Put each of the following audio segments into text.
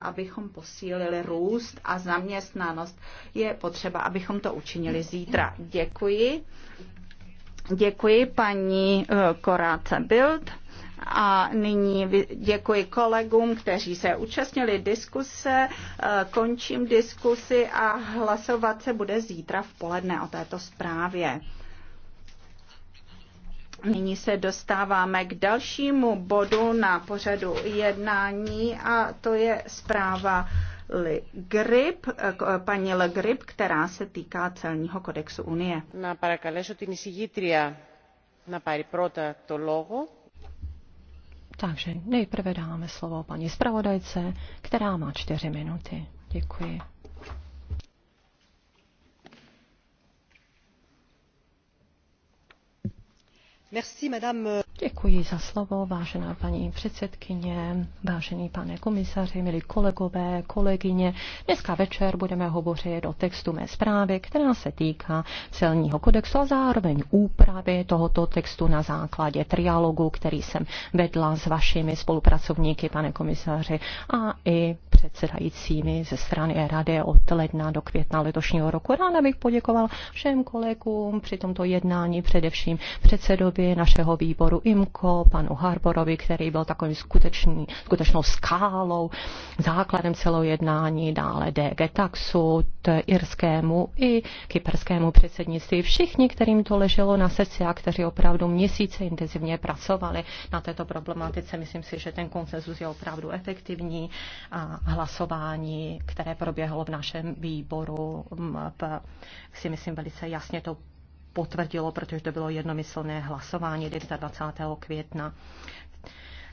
abychom posílili růst a zaměstnanost. Je potřeba, abychom to učinili zítra. Děkuji. Děkuji paní eh, Koráce Bild. A nyní děkuji kolegům, kteří se účastnili diskuse. Eh, končím diskusi a hlasovat se bude zítra v poledne o této zprávě. Nyní se dostáváme k dalšímu bodu na pořadu jednání a to je zpráva Le Grip, paní Le Grip, která se týká celního kodexu Unie. Na parakalesu την εισηγήτρια na pari prota to logo. Takže nejprve dáme slovo paní zpravodajce, která má čtyři minuty. Děkuji. Děkuji za slovo, vážená paní předsedkyně, vážený pane komisaři, milí kolegové, kolegyně. Dneska večer budeme hovořit o textu mé zprávy, která se týká celního kodexu a zároveň úpravy tohoto textu na základě trialogu, který jsem vedla s vašimi spolupracovníky, pane komisaři, a i předsedajícími ze strany Rady od ledna do května letošního roku. Ráda bych poděkoval všem kolegům při tomto jednání, především předsedovi našeho výboru IMCO, panu Harborovi, který byl takovým skutečný, skutečnou skálou, základem celého jednání, dále DG Taxu, irskému i kyperskému předsednictví. Všichni, kterým to leželo na srdci a kteří opravdu měsíce intenzivně pracovali na této problematice, myslím si, že ten konsenzus je opravdu efektivní a hlasování, které proběhlo v našem výboru, v, mm, si myslím velice jasně to potvrdilo, protože to bylo jednomyslné hlasování 29. května.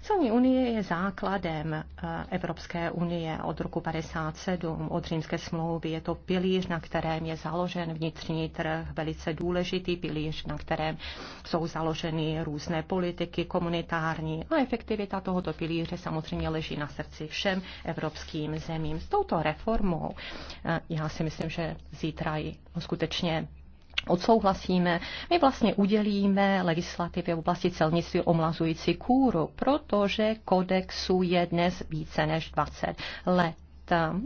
Celní unie je základem eh, Evropské unie od roku 57, od římské smlouvy. Je to pilíř, na kterém je založen vnitřní trh, velice důležitý pilíř, na kterém jsou založeny různé politiky komunitární a efektivita tohoto pilíře samozřejmě leží na srdci všem evropským zemím. S touto reformou eh, já si myslím, že zítra ji skutečně odsouhlasíme, my vlastně udělíme legislativě v oblasti celnictví omlazující kůru, protože kodexu je dnes více než 20 let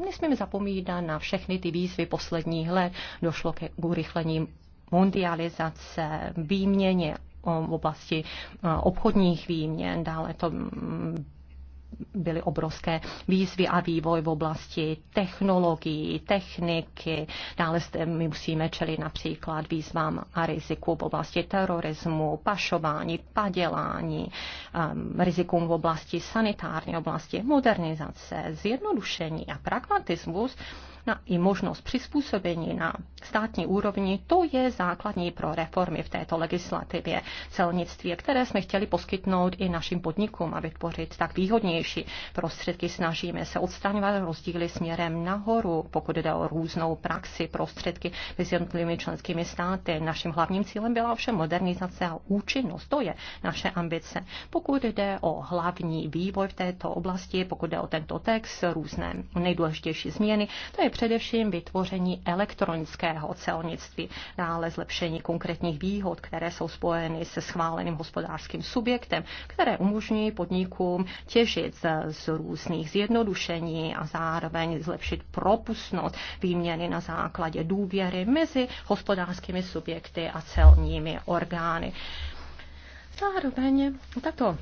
nesmíme zapomínat na všechny ty výzvy posledních let. Došlo k urychlení mundializace, výměně v oblasti obchodních výměn, dále to byly obrovské výzvy a vývoj v oblasti technologií, techniky. Dále my musíme čelit například výzvám a riziku v oblasti terorismu, pašování, padělání, um, rizikům v oblasti sanitární oblasti, modernizace, zjednodušení a pragmatismus na i možnost přizpůsobení na státní úrovni, to je základní pro reformy v této legislativě celnictví, které jsme chtěli poskytnout i našim podnikům a vytvořit tak výhodnější prostředky. Snažíme se odstraňovat rozdíly směrem nahoru, pokud jde o různou praxi prostředky mezi jednotlivými členskými státy. Naším hlavním cílem byla ovšem modernizace a účinnost. To je naše ambice. Pokud jde o hlavní vývoj v této oblasti, pokud jde o tento text, různé nejdůležitější změny, to je především vytvoření elektronického celnictví, dále zlepšení konkrétních výhod, které jsou spojeny se schváleným hospodářským subjektem, které umožní podnikům těžit z různých zjednodušení a zároveň zlepšit propustnost výměny na základě důvěry mezi hospodářskými subjekty a celními orgány. Zároveň tato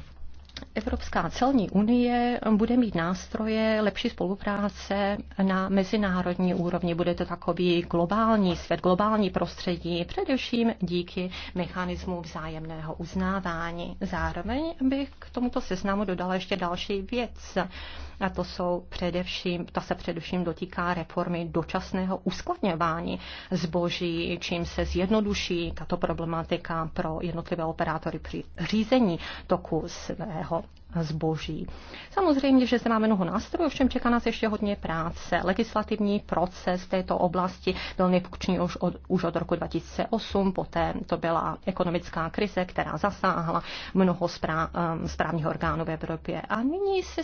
Evropská celní unie bude mít nástroje lepší spolupráce na mezinárodní úrovni. Bude to takový globální svět, globální prostředí, především díky mechanismu vzájemného uznávání. Zároveň bych k tomuto seznamu dodala ještě další věc. A to jsou především, ta se především dotýká reformy dočasného uskladňování zboží, čím se zjednoduší tato problematika pro jednotlivé operátory při řízení toku svého svého zboží. Samozřejmě, že se máme mnoho nástrojů, ovšem čeká nás ještě hodně práce. Legislativní proces v této oblasti byl nejpůjčný už od, už od roku 2008, poté to byla ekonomická krize, která zasáhla mnoho správ, um, správních orgánů v Evropě. A nyní se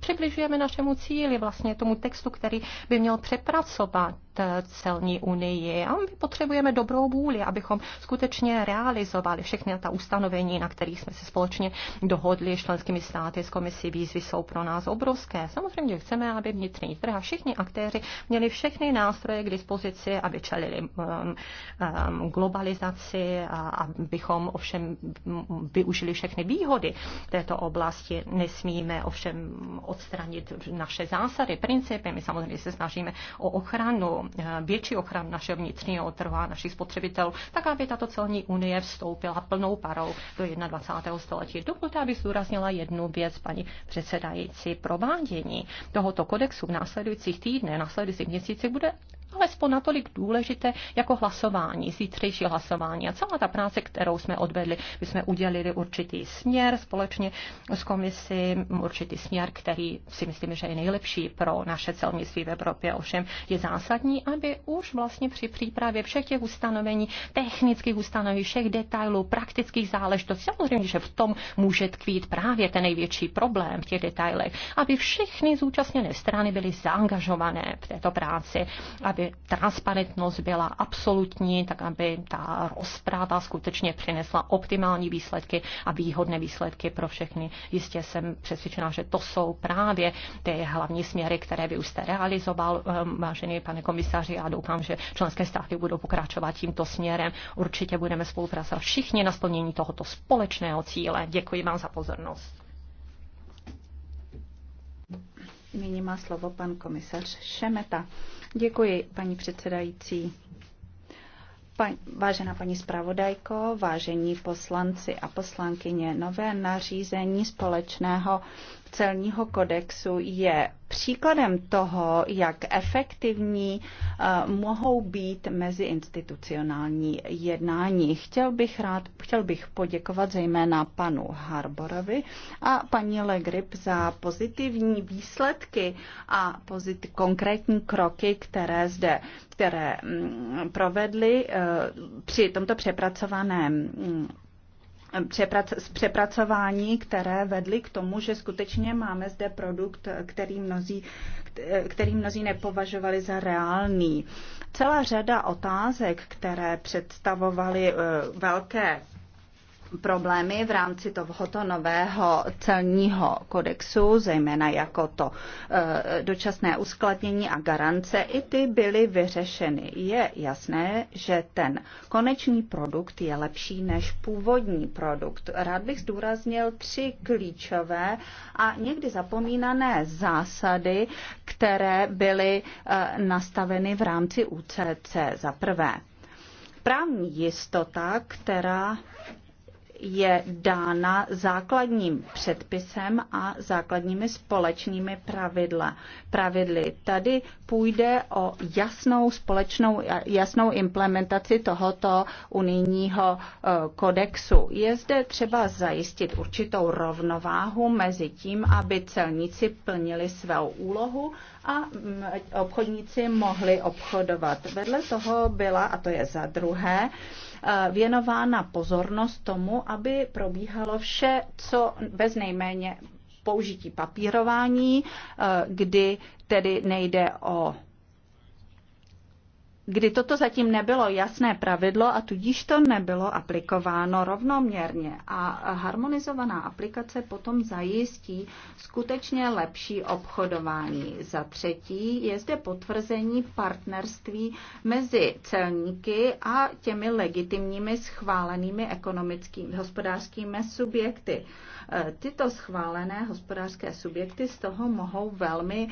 přibližujeme našemu cíli, vlastně tomu textu, který by měl přepracovat eh, celní unii. A my potřebujeme dobrou vůli, abychom skutečně realizovali všechny ta ustanovení, na kterých jsme se společně dohodli s členskými státy z komisí výzvy jsou pro nás obrovské. Samozřejmě chceme, aby vnitřní trh a všichni aktéři měli všechny nástroje k dispozici, aby čelili um, um, globalizaci a abychom ovšem využili všechny výhody této oblasti. Nesmíme ovšem odstranit naše zásady, principy. My samozřejmě se snažíme o ochranu, eh, větší ochranu našeho vnitřního trhu a našich spotřebitelů, tak aby tato celní unie vstoupila plnou parou do 21. století. Dokud aby zdůraznila jednu jednu věc, paní předsedající, provádění tohoto kodexu v následujících týdnech, následujících měsících bude alespoň natolik důležité jako hlasování, zítřejší hlasování. A celá ta práce, kterou jsme odvedli, my jsme udělili určitý směr společně s komisí, určitý směr, který si myslím, že je nejlepší pro naše celnictví v Evropě. Ovšem je zásadní, aby už vlastně při přípravě všech těch ustanovení, technických ustanovení, všech detailů, praktických záležitostí, samozřejmě, že v tom může tkvít právě ten největší problém v těch detailech, aby všechny zúčastněné strany byly zaangažované v této práci, aby aby transparentnost byla absolutní, tak aby ta rozpráva skutečně přinesla optimální výsledky a výhodné výsledky pro všechny. Jistě jsem přesvědčená, že to jsou právě ty hlavní směry, které vy už jste realizoval, ehm, vážený pane komisaři, a doufám, že členské státy budou pokračovat tímto směrem. Určitě budeme spolupracovat všichni na splnění tohoto společného cíle. Děkuji vám za pozornost. Nyní má slovo pan komisař Šemeta. Děkuji, paní předsedající. Paň, vážená paní zpravodajko, vážení poslanci a poslankyně, nové nařízení společného celního kodexu je příkladem toho, jak efektivní eh, mohou být meziinstitucionální jednání. Chtěl bych, rád, chtěl bych poděkovat zejména panu Harborovi a paní Legrip za pozitivní výsledky a pozit, konkrétní kroky, které zde které mm, provedli eh, při tomto přepracovaném mm, přepracování, které vedly k tomu, že skutečně máme zde produkt, který mnozí, který mnozí nepovažovali za reálný. Celá řada otázek, které představovaly eh, velké problémy v rámci tohoto nového celního kodexu, zejména jako to e, dočasné uskladnění a garance, i ty byly vyřešeny. Je jasné, že ten konečný produkt je lepší než původní produkt. Rád bych zdůraznil tři klíčové a někdy zapomínané zásady, které byly e, nastaveny v rámci UCC. Za prvé, právní jistota, která je dána základním předpisem a základními společnými pravidla. pravidly. Tady půjde o jasnou společnou, jasnou implementaci tohoto unijního eh, kodexu. Je zde třeba zajistit určitou rovnováhu mezi tím, aby celníci plnili svou úlohu a mm, obchodníci mohli obchodovat. Vedle toho byla, a to je za druhé, Eh, věnována pozornost tomu, aby probíhalo vše, co bez nejméně použití papírování, eh, kdy tedy nejde o kdy toto zatím nebylo jasné pravidlo a tudíž to nebylo aplikováno rovnoměrně. A harmonizovaná aplikace potom zajistí skutečně lepší obchodování. Za třetí je zde potvrzení partnerství mezi celníky a těmi legitimními schválenými ekonomickými hospodářskými subjekty. E, tyto schválené hospodářské subjekty z toho mohou velmi e,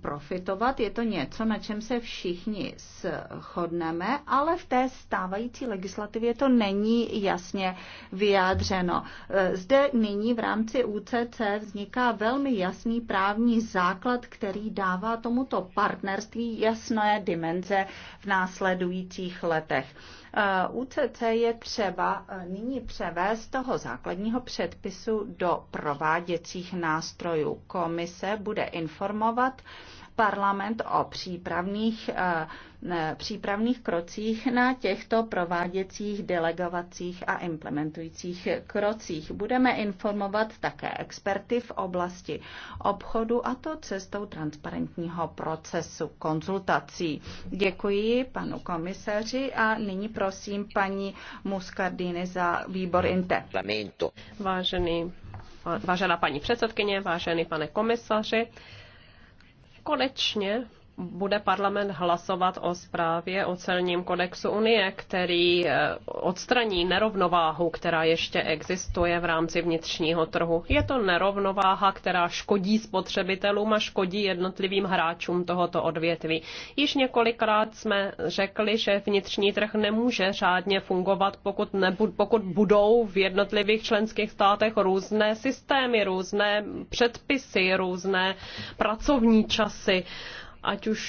profitovat. Je to něco, na čem se všichni všichni shodneme, ale v té stávající legislativě to není jasně vyjádřeno. Zde nyní v rámci UCC vzniká velmi jasný právní základ, který dává tomuto partnerství jasné dimenze v následujících letech. UCC uh, je třeba uh, nyní převést toho základního předpisu do prováděcích nástrojů. Komise bude informovat parlament o přípravných, eh, přípravných krocích na těchto prováděcích, delegovacích a implementujících krocích. Budeme informovat také experty v oblasti obchodu a to cestou transparentního procesu konzultací. Děkuji panu komisaři a nyní prosím paní Muscardini za výbor INTE. Vážený, vážená paní předsedkyně, vážený pane komisaři, konečně bude parlament hlasovat o zprávě o celním kodexu Unie, který eh, odstraní nerovnováhu, která ještě existuje v rámci vnitřního trhu. Je to nerovnováha, která škodí spotřebitelům a škodí jednotlivým hráčům tohoto odvětví. Již několikrát jsme řekli, že vnitřní trh nemůže řádně fungovat, pokud, nebud, pokud budou v jednotlivých členských státech různé systémy, různé předpisy, různé pracovní časy ať už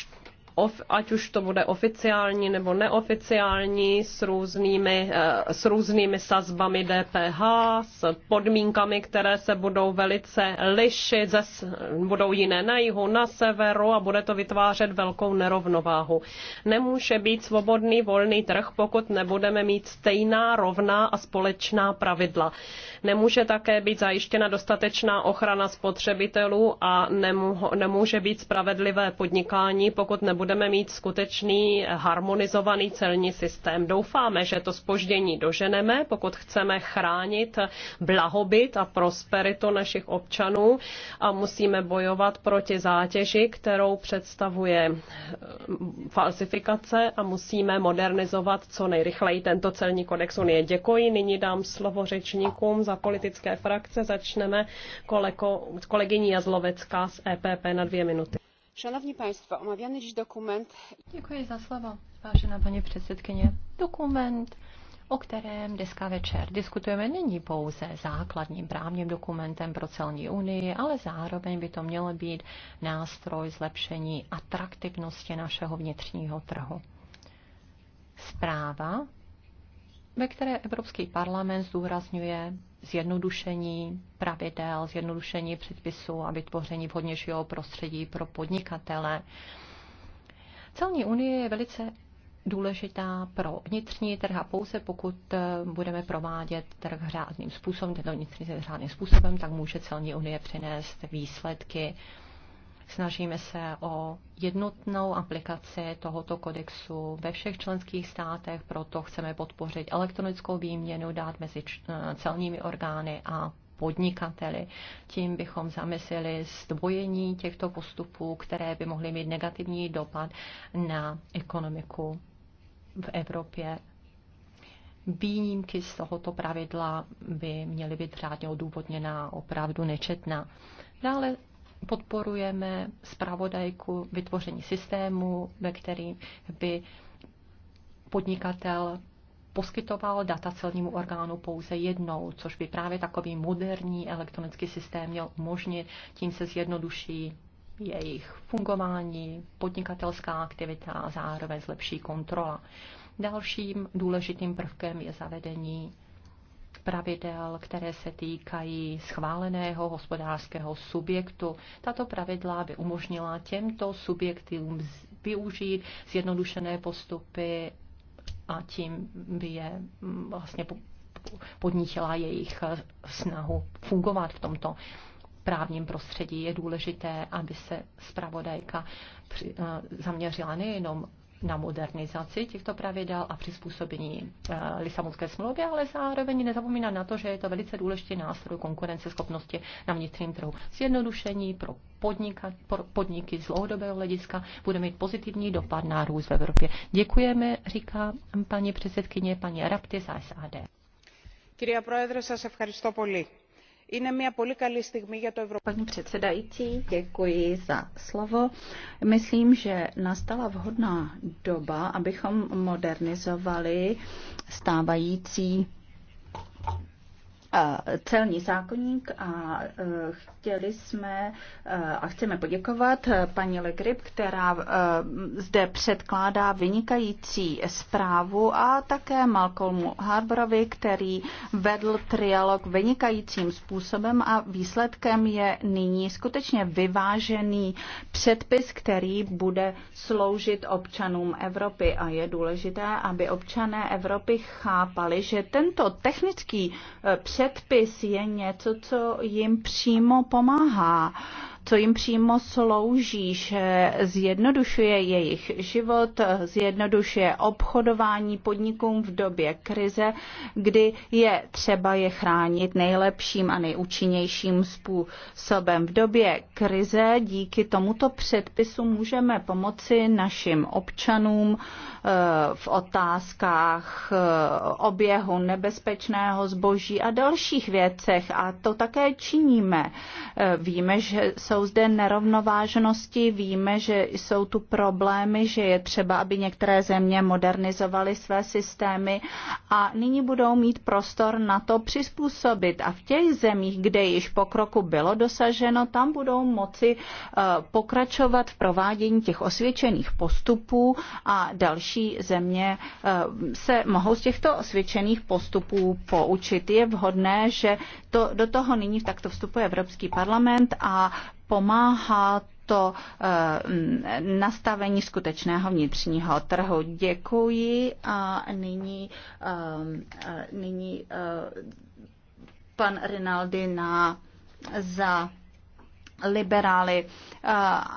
of, ať už to bude oficiální nebo neoficiální, s různými, eh, s různými sazbami DPH, s podmínkami, které se budou velice lišit, budou jiné na jihu, na severu a bude to vytvářet velkou nerovnováhu. Nemůže být svobodný volný trh, pokud nebudeme mít stejná, rovná a společná pravidla. Nemůže také být zajištěna dostatečná ochrana spotřebitelů a nemůže být spravedlivé podnikání, pokud nebudeme budeme mít skutečný harmonizovaný celní systém. Doufáme, že to spoždění doženeme, pokud chceme chránit blahobyt a prosperitu našich občanů a musíme bojovat proti zátěži, kterou představuje eh, falsifikace a musíme modernizovat co nejrychleji tento celní kodex Unie. Děkuji, nyní dám slovo řečníkům za politické frakce. Začneme kolego, kolegyní Jazlovecká z EPP na dvě minuty. Šanovní państwo, omawiany dziś dokument... Děkuji za slovo, vážená paní předsedkyně. Dokument, o kterém dneska večer diskutujeme, není pouze základním právním dokumentem pro celní unii, ale zároveň by to mělo být nástroj zlepšení atraktivnosti našeho vnitřního trhu. Zpráva, ve které Evropský parlament zdůrazňuje zjednodušení pravidel, zjednodušení předpisů a vytvoření vhodnějšího prostředí pro podnikatele. Celní unie je velice důležitá pro vnitřní trh a pouze pokud eh, budeme provádět trh řádným způsobem, tento vnitřní trh řádným způsobem, tak může celní unie přinést výsledky Snažíme se o jednotnou aplikaci tohoto kodexu ve všech členských státech, proto chceme podpořit elektronickou výměnu dát mezi eh, celními orgány a podnikateli. Tím bychom zamysleli zdvojení těchto postupů, které by mohly mít negativní dopad na ekonomiku v Evropě. Výjimky z tohoto pravidla by měly být řádně odůvodněná, opravdu nečetná. Dále podporujeme zpravodajku vytvoření systému, ve kterým by podnikatel poskytoval data celnímu orgánu pouze jednou, což by právě takový moderní elektronický systém měl umožnit. Tím se zjednoduší jejich fungování, podnikatelská aktivita a zároveň zlepší kontrola. Dalším důležitým prvkem je zavedení pravidel, které se týkají schváleného hospodářského subjektu. Tato pravidla by umožnila těmto subjektům využít zjednodušené postupy a tím by je mm, vlastně podnítila jejich snahu fungovat v tomto právním prostředí je důležité, aby se zpravodajka eh, zaměřila nejenom na modernizaci těchto pravidel a přizpůsobení eh, Lisabonské smlouvy, ale zároveň nezapomíná na to, že je to velice důležitý nástroj konkurenceschopnosti na vnitřním trhu. Zjednodušení pro, podnika, pro podniky z dlouhodobého hlediska bude mít pozitivní dopad na růst v Evropě. Děkujeme, říká paní předsedkyně, paní Rapti z ASAD. Kyria Proedre, se ευχαριστώ πολύ. Paní předsedající, děkuji za slovo. Myslím, že nastala vhodná doba, abychom modernizovali stávající celní zákonník a e, chtěli jsme e, a chceme poděkovat e, paní Legrip, která zde předkládá vynikající zprávu a také Malcolmu Harborovi, který vedl trialog vynikajícím způsobem a výsledkem je nyní skutečně vyvážený předpis, který bude sloužit občanům Evropy a je důležité, aby občané Evropy chápali, že tento technický předpis předpis je něco, co jim přímo pomáhá co jim přímo slouží, že zjednodušuje jejich život, zjednodušuje obchodování podnikům v době krize, kdy je třeba je chránit nejlepším a nejúčinnějším způsobem. V době krize díky tomuto předpisu můžeme pomoci našim občanům eh, v otázkách eh, oběhu nebezpečného zboží a dalších věcech a to také činíme. Eh, víme, že jsou zde nerovnovážnosti, víme, že jsou tu problémy, že je třeba, aby některé země modernizovaly své systémy a nyní budou mít prostor na to přizpůsobit. A v těch zemích, kde již pokroku bylo dosaženo, tam budou moci eh, pokračovat v provádění těch osvědčených postupů a další země eh, se mohou z těchto osvědčených postupů poučit. Je vhodné, že to, do toho nyní takto vstupuje Evropský parlament a pomáhá to eh, nastavení skutečného vnitřního trhu. Děkuji a nyní, eh, eh, nyní pan Rinaldi na za liberály.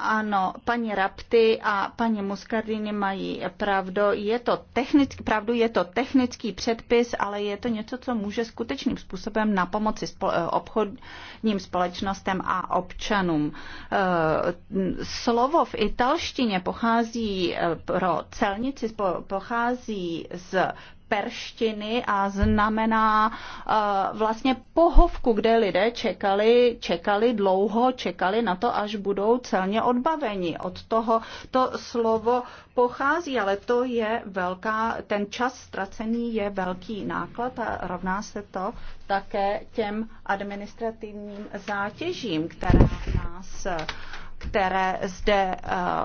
Ano, paní Rapty a paní Muscardini mají pravdu. Je to technický, pravdu, je to technický předpis, ale je to něco, co může skutečným způsobem na pomoci obchodním společnostem a občanům. E, slovo v italštině pochází e, pro celnici pochází z perštiny a znamená eh, vlastně pohovku, kde lidé čekali, čekali dlouho, čekali na to, až budou celně odbaveni. Od toho to slovo pochází, ale to je velká, ten čas ztracený je velký náklad a rovná se to také těm administrativním zátěžím, která nás eh, které zde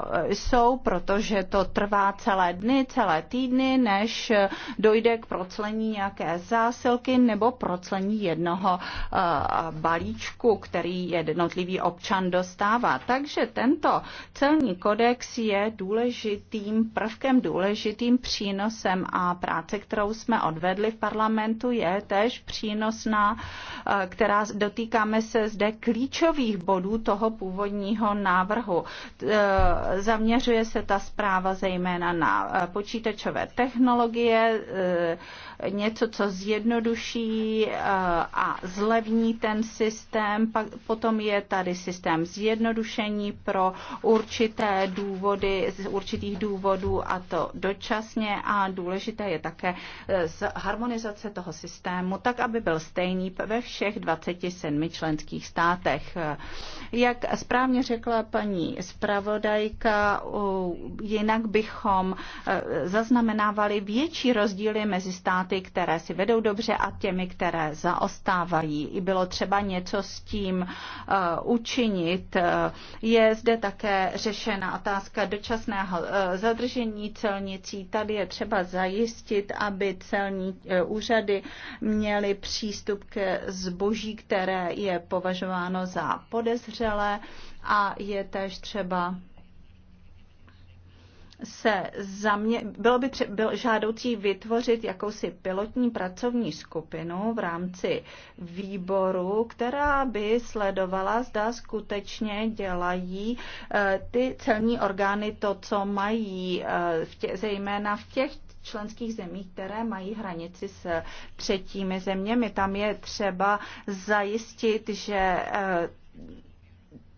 eh, jsou, protože to trvá celé dny, celé týdny, než eh, dojde k proclení nějaké zásilky nebo proclení jednoho eh, balíčku, který jednotlivý občan dostává. Takže tento celní kodex je důležitým prvkem, důležitým přínosem a práce, kterou jsme odvedli v parlamentu, je tež přínosná, která dotýkáme se zde klíčových bodů toho původního návrhu. E, zaměřuje se ta zpráva zejména na e, počítačové technologie, e, něco, co zjednoduší eh, a zlevní ten systém. Pak, potom je tady systém zjednodušení pro určité důvody, z určitých důvodů a to dočasně a důležité je také eh, harmonizace toho systému, tak aby byl stejný ve všech 27 členských státech. Jak správně řekla paní zpravodajka, jinak bychom eh, zaznamenávali větší rozdíly mezi státy ty, které si vedou dobře a těmi, které zaostávají. I bylo třeba něco s tím eh, učinit. Eh, je zde také řešena otázka dočasného eh, zadržení celnicí. Tady je třeba zajistit, aby celní úřady měly přístup ke zboží, které je považováno za podezřelé a je též třeba se zamě... bylo by tře- byl žádoucí vytvořit jakousi pilotní pracovní skupinu v rámci výboru, která by sledovala, zda skutečně dělají eh, ty celní orgány to, co mají, eh, v tě- zejména v těch členských zemí, které mají hranici s třetími zeměmi. Tam je třeba zajistit, že eh,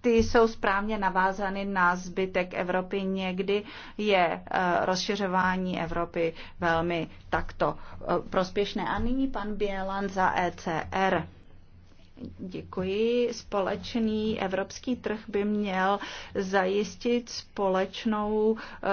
ty jsou správně navázány na zbytek Evropy. Někdy je eh, rozšiřování Evropy velmi takto eh, prospěšné. A nyní pan Bělan za ECR. Děkuji. Společný evropský trh by měl zajistit společnou eh,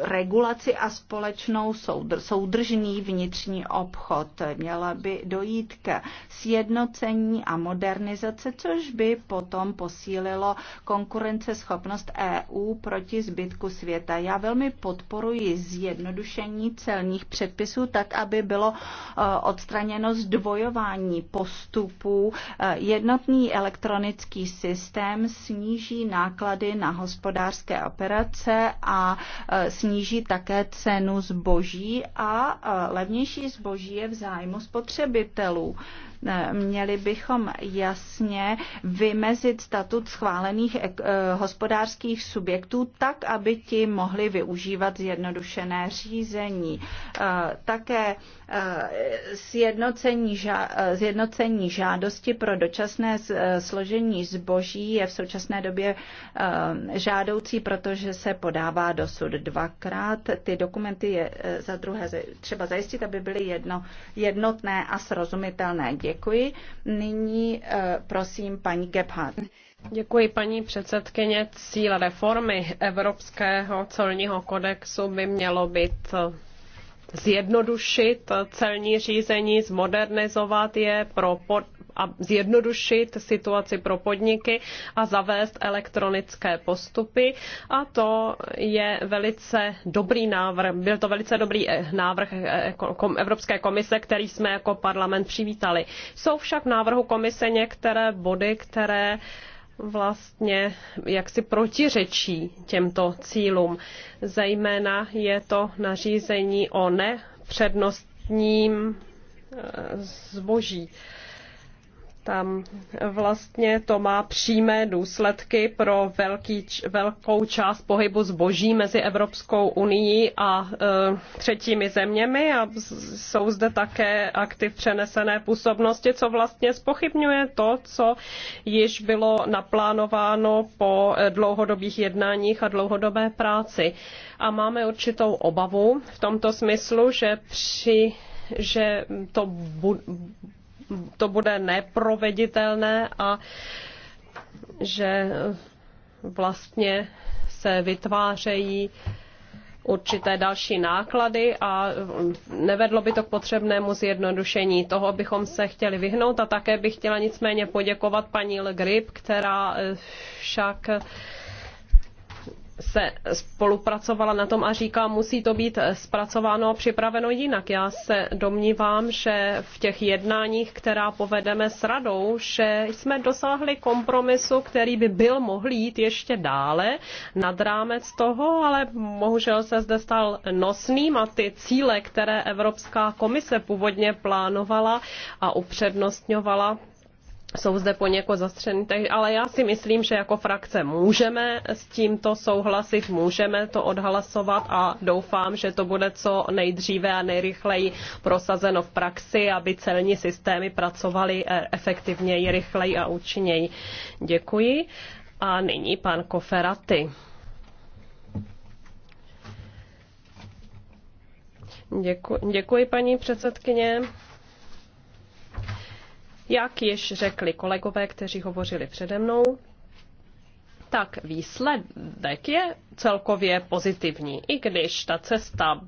regulaci a společnou soudr, soudržný vnitřní obchod. Měla by dojít ke sjednocení a modernizace, což by potom posílilo konkurenceschopnost EU proti zbytku světa. Já velmi podporuji zjednodušení celních předpisů tak, aby bylo eh, odstraněno zdvojování postupů postupů jednotný elektronický systém sníží náklady na hospodářské operace a e, sníží také cenu zboží a e, levnější zboží je v zájmu spotřebitelů e, měli bychom jasně vymezit statut schválených hospodářských subjektů tak, aby ti mohli využívat zjednodušené řízení. Také sjednocení, ža- sjednocení žádosti pro dočasné eh, složení zboží je v současné době eh, žádoucí, protože se podává dosud dvakrát. Ty dokumenty je eh, za druhé třeba zajistit, aby byly jedno, jednotné a srozumitelné. Děkuji. Nyní prosím paní Gebhardt. Děkuji paní předsedkyně. Cíl reformy Evropského celního kodexu by mělo být zjednodušit celní řízení, zmodernizovat je pro pod a zjednodušit situaci pro podniky a zavést elektronické postupy. A to je velice dobrý návrh. Byl to velice dobrý eh, návrh eh, Evropské komise, který jsme jako parlament přivítali. Jsou však v návrhu komise některé body, které vlastně jaksi protiřečí těmto cílům. Zejména je to nařízení o nepřednostním eh, zboží tam vlastně to má přímé důsledky pro velký, velkou část pohybu zboží mezi Evropskou unii a e, třetími zeměmi a jsou zde také aktiv přenesené působnosti, co vlastně spochybňuje to, co již bylo naplánováno po e, dlouhodobých jednáních a dlouhodobé práci. A máme určitou obavu v tomto smyslu, že při že to bu- to bude neproveditelné a že vlastně se vytvářejí určité další náklady a nevedlo by to k potřebnému zjednodušení. Toho bychom se chtěli vyhnout a také bych chtěla nicméně poděkovat paní Le Grip, která eh, však se spolupracovala na tom a říká, musí to být zpracováno a připraveno jinak. Já se domnívám, že v těch jednáních, která povedeme s radou, že jsme dosáhli kompromisu, který by byl mohl jít ještě dále nad rámec toho, ale bohužel se zde stal nosným a ty cíle, které Evropská komise původně plánovala a upřednostňovala, jsou zde poněkud zastřeny, ale já si myslím, že jako frakce můžeme s tímto souhlasit, můžeme to odhlasovat a doufám, že to bude co nejdříve a nejrychleji prosazeno v praxi, aby celní systémy pracovaly eh, efektivněji, rychleji a účinněji. Děkuji. A nyní pan Koferaty. Děkuji, děkuji paní předsedkyně. Jak již řekli kolegové, kteří hovořili přede mnou, tak výsledek je celkově pozitivní, i když ta cesta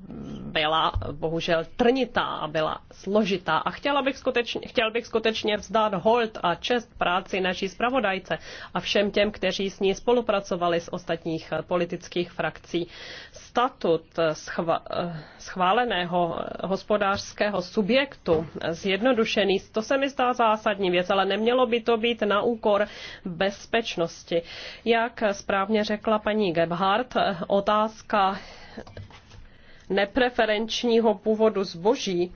byla bohužel trnitá a byla složitá a chtěla bych skutečně, chtěl bych skutečně vzdát hold a čest práci naší zpravodajce a všem těm, kteří s ní spolupracovali z ostatních eh, politických frakcí. Statut eh, schva, eh, schváleného hospodářského subjektu zjednodušený, to se mi zdá zásadní věc, ale nemělo by to být na úkor bezpečnosti. Jak správně řekla paní Gebhardt, otázka nepreferenčního původu zboží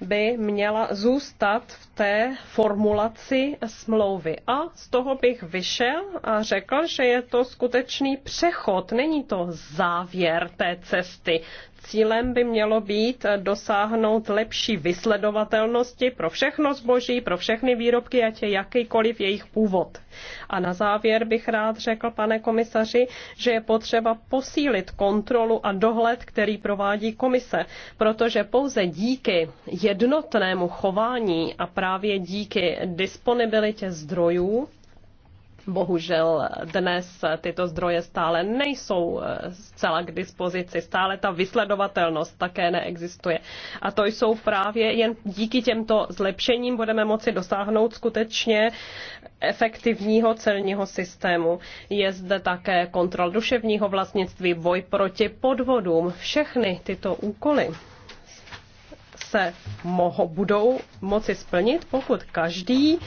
by měla zůstat v té formulaci smlouvy. A z toho bych vyšel a řekl, že je to skutečný přechod, není to závěr té cesty. Cílem by mělo být dosáhnout lepší vysledovatelnosti pro všechno zboží, pro všechny výrobky, ať je jakýkoliv jejich původ. A na závěr bych rád řekl, pane komisaři, že je potřeba posílit kontrolu a dohled, který provádí komise, protože pouze díky jednotnému chování a právě díky disponibilitě zdrojů Bohužel dnes tyto zdroje stále nejsou eh, zcela k dispozici, stále ta vysledovatelnost také neexistuje. A to jsou právě jen díky těmto zlepšením budeme moci dosáhnout skutečně efektivního celního systému. Je zde také kontrol duševního vlastnictví, boj proti podvodům, všechny tyto úkoly se moho, budou moci splnit, pokud každý,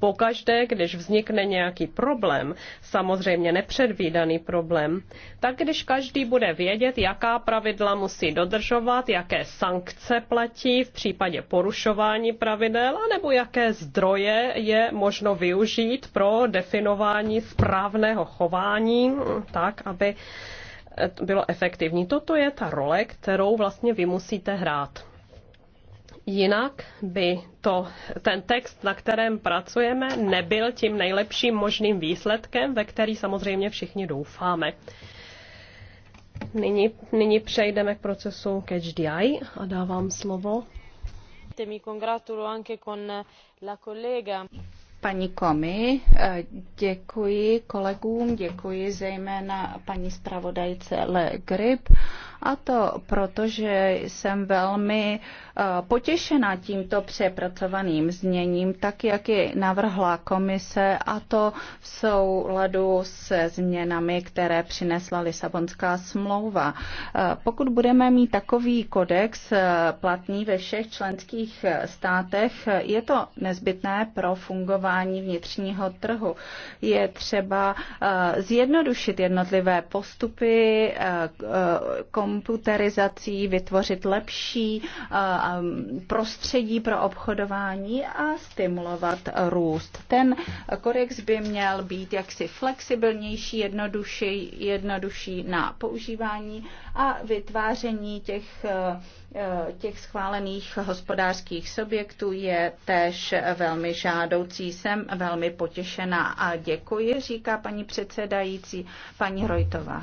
pokaždé, když vznikne nějaký problém, samozřejmě nepředvídaný problém, tak když každý bude vědět, jaká pravidla musí dodržovat, jaké sankce platí v případě porušování pravidel, anebo jaké zdroje je možno využít pro definování správného chování, tak, aby bylo efektivní. Toto je ta role, kterou vlastně vy musíte hrát. Jinak by to, ten text, na kterém pracujeme, nebyl tím nejlepším možným výsledkem, ve který samozřejmě všichni doufáme. Nyní, nyní přejdeme k procesu Catch the Eye a dávám slovo. Paní Komi, děkuji kolegům, děkuji zejména paní zpravodajce Le Grip a to proto, že jsem velmi eh, potěšena tímto přepracovaným zněním, tak jak ji navrhla komise, a to v souladu se změnami, které přinesla Lisabonská smlouva. Eh, pokud budeme mít takový kodex eh, platný ve všech členských státech, je to nezbytné pro fungování vnitřního trhu. Je třeba zjednodušit jednotlivé postupy, kom komputerizací vytvořit lepší prostředí pro obchodování a stimulovat růst. Ten kodex by měl být jaksi flexibilnější, jednodušší, jednodušší na používání a vytváření těch, těch schválených hospodářských subjektů je též velmi žádoucí. Jsem velmi potěšená a děkuji, říká paní předsedající, paní Rojtová.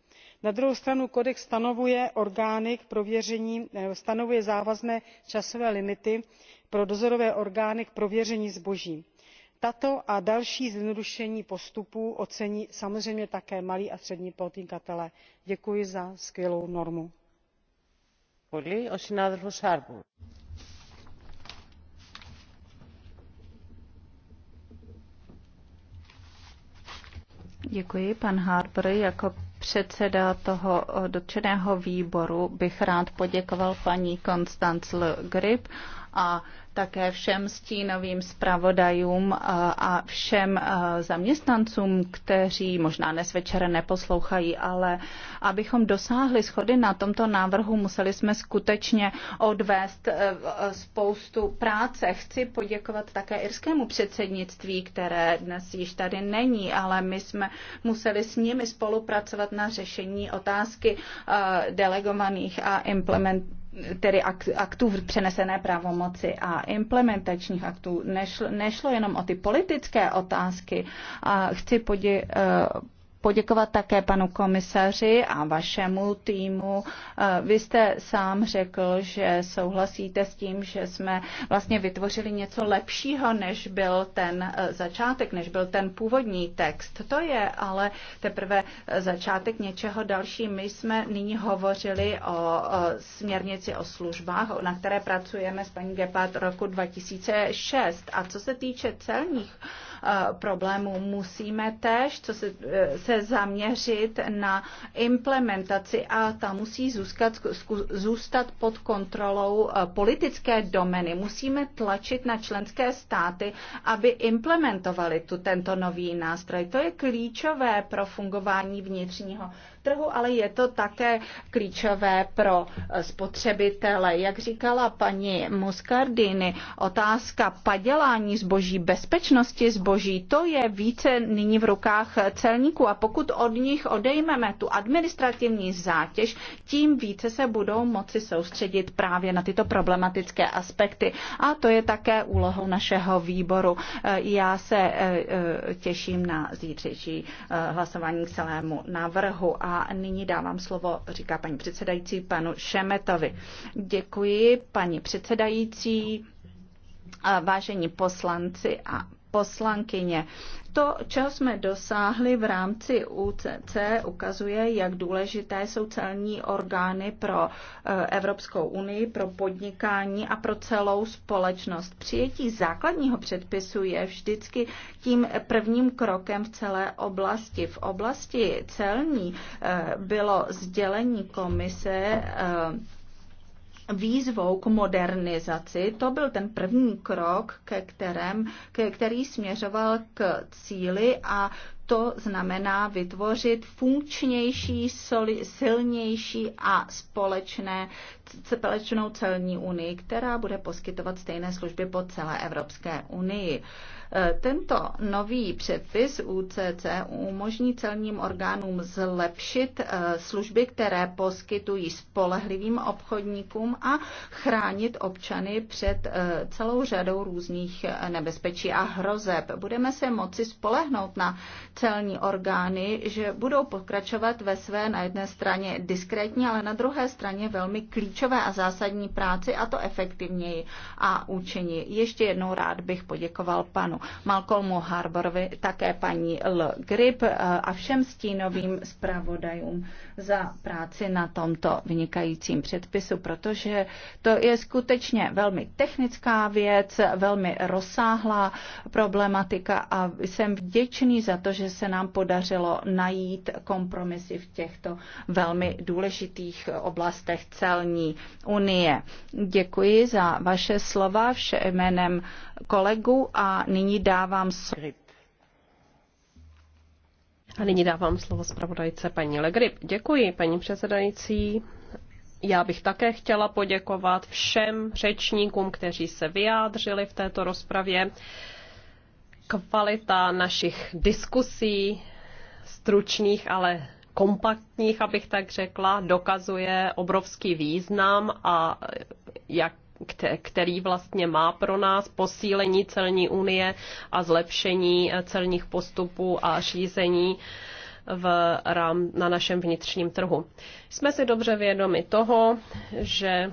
na druhou stranu kodex stanovuje orgány k prověření eh, stanovuje závazné časové limity pro dozorové orgány k prověření zboží. tato a další zjednodušení postupů ocení samozřejmě také malí a střední podnikatelé. děkuji za skvělou normu. Děkuji, předseda toho eh, dotčeného výboru bych rád poděkoval paní Konstanc L. Grip a také všem stínovým zpravodajům eh, a všem eh, zaměstnancům, kteří možná dnes večer neposlouchají, ale abychom dosáhli schody na tomto návrhu, museli jsme skutečně odvést eh, spoustu práce. Chci poděkovat také irskému předsednictví, které dnes již tady není, ale my jsme museli s nimi spolupracovat na řešení otázky delegovaných a implement tedy aktů přenesené pravomoci a implementačních aktů. Nešlo, nešlo jenom o ty politické otázky. A chci podě, eh, poděkovat také panu komisaři a vašemu týmu. Eh, vy jste sám řekl, že souhlasíte s tím, že jsme vlastně vytvořili něco lepšího, než byl ten eh, začátek, než byl ten původní text. To je ale teprve eh, začátek něčeho další. My jsme nyní hovořili o směrnici o službách, na které pracujeme s paní Gepard roku 2006. A co se týče celních Eh, problémů. Musíme též co se, eh, se zaměřit na implementaci a ta musí zůstat, zůstat pod kontrolou eh, politické domeny. Musíme tlačit na členské státy, aby implementovali tu, tento nový nástroj. To je klíčové pro fungování vnitřního trhu, ale je to také klíčové pro spotřebitele. Jak říkala paní Muscardini, otázka padělání zboží, bezpečnosti zboží, to je více nyní v rukách celníků a pokud od nich odejmeme tu administrativní zátěž, tím více se budou moci soustředit právě na tyto problematické aspekty. A to je také úlohou našeho výboru. Já se eh, eh, těším na zítřejší eh, hlasování k celému návrhu a nyní dávám slovo, říká paní předsedající, panu Šemetovi. Děkuji, paní předsedající, vážení poslanci a poslankyně. To, čeho jsme dosáhli v rámci UCC, ukazuje, jak důležité jsou celní orgány pro e, Evropskou unii, pro podnikání a pro celou společnost. Přijetí základního předpisu je vždycky tím prvním krokem v celé oblasti. V oblasti celní e, bylo sdělení komise e, výzvou k modernizaci. To byl ten první krok, ke kterém, ke, který směřoval k cíli a to znamená vytvořit funkčnější, soli, silnější a společné, společnou celní unii, která bude poskytovat stejné služby po celé Evropské unii. E, tento nový předpis UCC umožní celním orgánům zlepšit e, služby, které poskytují spolehlivým obchodníkům a chránit občany před e, celou řadou různých nebezpečí a hrozeb. Budeme se moci spolehnout na celní orgány, že budou pokračovat ve své na jedné straně diskrétní, ale na druhé straně velmi klíčové a zásadní práci a to efektivněji a účinněji. Ještě jednou rád bych poděkoval panu Malcolmu Harborovi, také paní L. Grip eh, a všem stínovým zpravodajům za práci na tomto vynikajícím předpisu, protože to je skutečně velmi technická věc, velmi rozsáhlá problematika a jsem vděčný za to, že se nám podařilo najít kompromisy v těchto velmi důležitých oblastech celní unie. Děkuji za vaše slova vše jménem kolegu a nyní dávám slovo a nyní dávám slovo zpravodajce paní Legrip. Děkuji, paní předsedající. Já bych také chtěla poděkovat všem řečníkům, kteří se vyjádřili v této rozpravě. Kvalita našich diskusí, stručných, ale kompaktních, abych tak řekla, dokazuje obrovský význam a jak který vlastně má pro nás posílení celní unie a zlepšení eh, celních postupů a řízení v rám, na našem vnitřním trhu. Jsme si dobře vědomi toho, že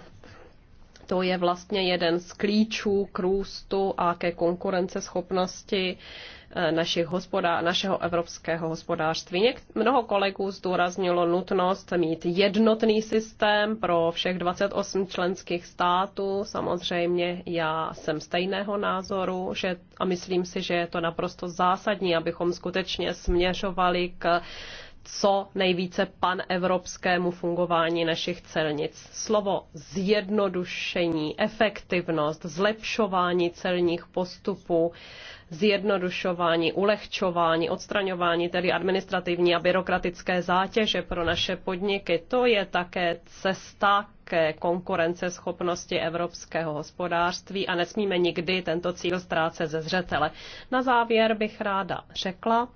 to je vlastně jeden z klíčů k růstu a ke konkurenceschopnosti eh, našich hospodář, našeho evropského hospodářství. Něk- mnoho kolegů zdůraznilo nutnost mít jednotný systém pro všech 28 členských států. Samozřejmě já jsem stejného názoru že, a myslím si, že je to naprosto zásadní, abychom skutečně směřovali k co nejvíce panevropskému fungování našich celnic. Slovo zjednodušení, efektivnost, zlepšování celních postupů, zjednodušování, ulehčování, odstraňování tedy administrativní a byrokratické zátěže pro naše podniky, to je také cesta ke konkurenceschopnosti evropského hospodářství a nesmíme nikdy tento cíl ztrácet ze zřetele. Na závěr bych ráda řekla,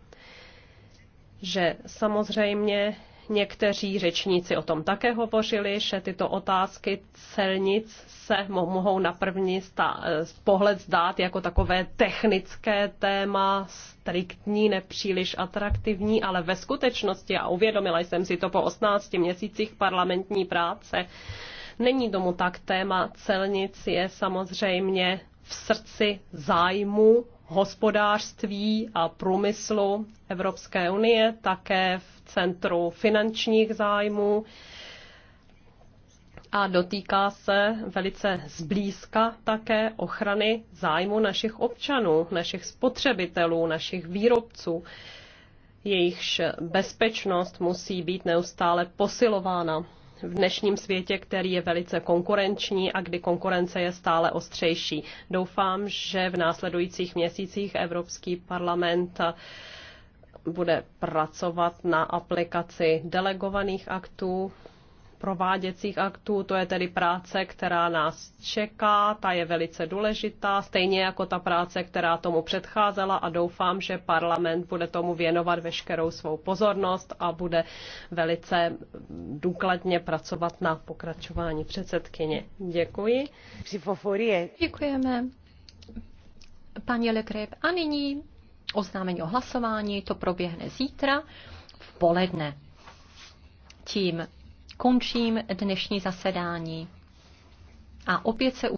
že samozřejmě někteří řečníci o tom také hovořili, že tyto otázky celnic se mohou na první eh, pohled zdát jako takové technické téma, striktní, nepříliš atraktivní, ale ve skutečnosti, a uvědomila jsem si to po 18 měsících parlamentní práce, není tomu tak. Téma celnic je samozřejmě v srdci zájmu hospodářství a průmyslu Evropské unie, také v centru finančních zájmů a dotýká se velice zblízka také ochrany zájmu našich občanů, našich spotřebitelů, našich výrobců. Jejichž bezpečnost musí být neustále posilována v dnešním světě, který je velice konkurenční a kdy konkurence je stále ostřejší. Doufám, že v následujících měsících Evropský parlament bude pracovat na aplikaci delegovaných aktů prováděcích aktů. To je tedy práce, která nás čeká, ta je velice důležitá, stejně jako ta práce, která tomu předcházela a doufám, že parlament bude tomu věnovat veškerou svou pozornost a bude velice důkladně pracovat na pokračování předsedkyně. Děkuji. Psychoforie. Děkujeme. Paní Lekreb. A nyní oznámení o hlasování, to proběhne zítra v poledne. Tím končím dnešní zasedání. A opět se